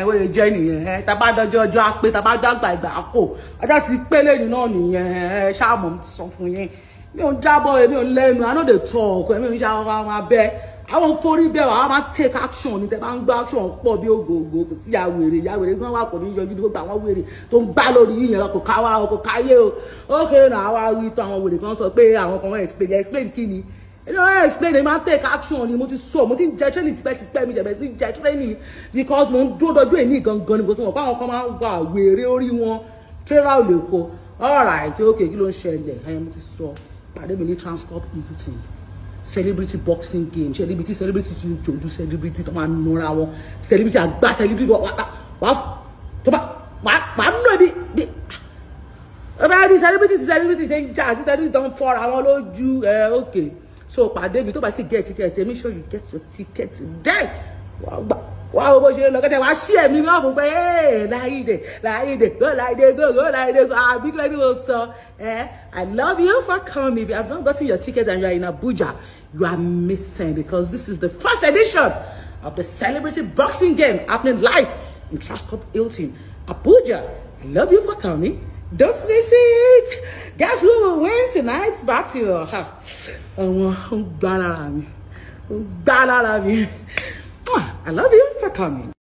ẹ̀wọ́ lè jẹ́ nìyẹn ẹ̀ tàbá dọjọ́ ọjọ́ apẹ́ tàbá dàgbà ìgbà àkó ọjọ́ sì pélé nínú nìyẹn ẹ̀ ṣáàmù sọ fún yín mi ò ń jábọ̀ èmi ò ń lẹ́nu àná lè tọ̀ ọ̀kọ́ èmi ò ń ṣe àwọn ọmọ abẹ́ àwọn forí bẹ́ẹ̀ wà á máa take action ní tẹ́lá ń gbọ́ action pọ̀ bí ògògò kò sí ya wèrè ya wèrè gan wà kò ní yọjú gbogbo àwọn wèrè tó ń gbá lórí yìnyín kò káwá kò káyé o ókè náà wá wí tán àwọn wèrè kan sọ pé àwọn kan wọ́n explain explain kí ni you know explain they ma take action ni mo ti sọ mo ti jẹ training tipẹ́ tipẹ́ mi jẹ̀bẹ̀ sí jẹ training because mo ń dúró dọdún èyí gangan ni mo ti mọ̀ pé àwọn kan máa ń gba wèrè orí wọn trailer ò lè kó alright okay kí ló ń ṣẹlẹ̀ ẹ mo ti sọ pàdé mi ní transcorp hilton celebrity boxing game celebrity celebrity ti ń celebrity tó máa ń nura wọn celebrity àgbà celebrity wà wà tó bá wà nù ẹbí bí ọba ẹbí ah. celebrity celebrity ṣe ń jà sí celebrity tó ń fọra wọn lójú ẹ okay so pàdé ibi tó bá ti get ticket make sure you get your ticket today wàá gbà wàá wo bó ṣe lọ kẹtẹ wàá ṣí ẹmí náà fún pé ee láìdè láìdè go láìdè go go láìdè go àbí ah, kílẹ̀ ni mo sọ ẹ eh, i love you for coming if you have not gotten your ticket and you are in abuja you are missing because this is the first edition of the celebrity boxing game happening live in Truscott Hilton, Abuja. I love you for coming don't miss it guess who will win tonight's battle àwọn ń gbá lára mi ń i love you for coming.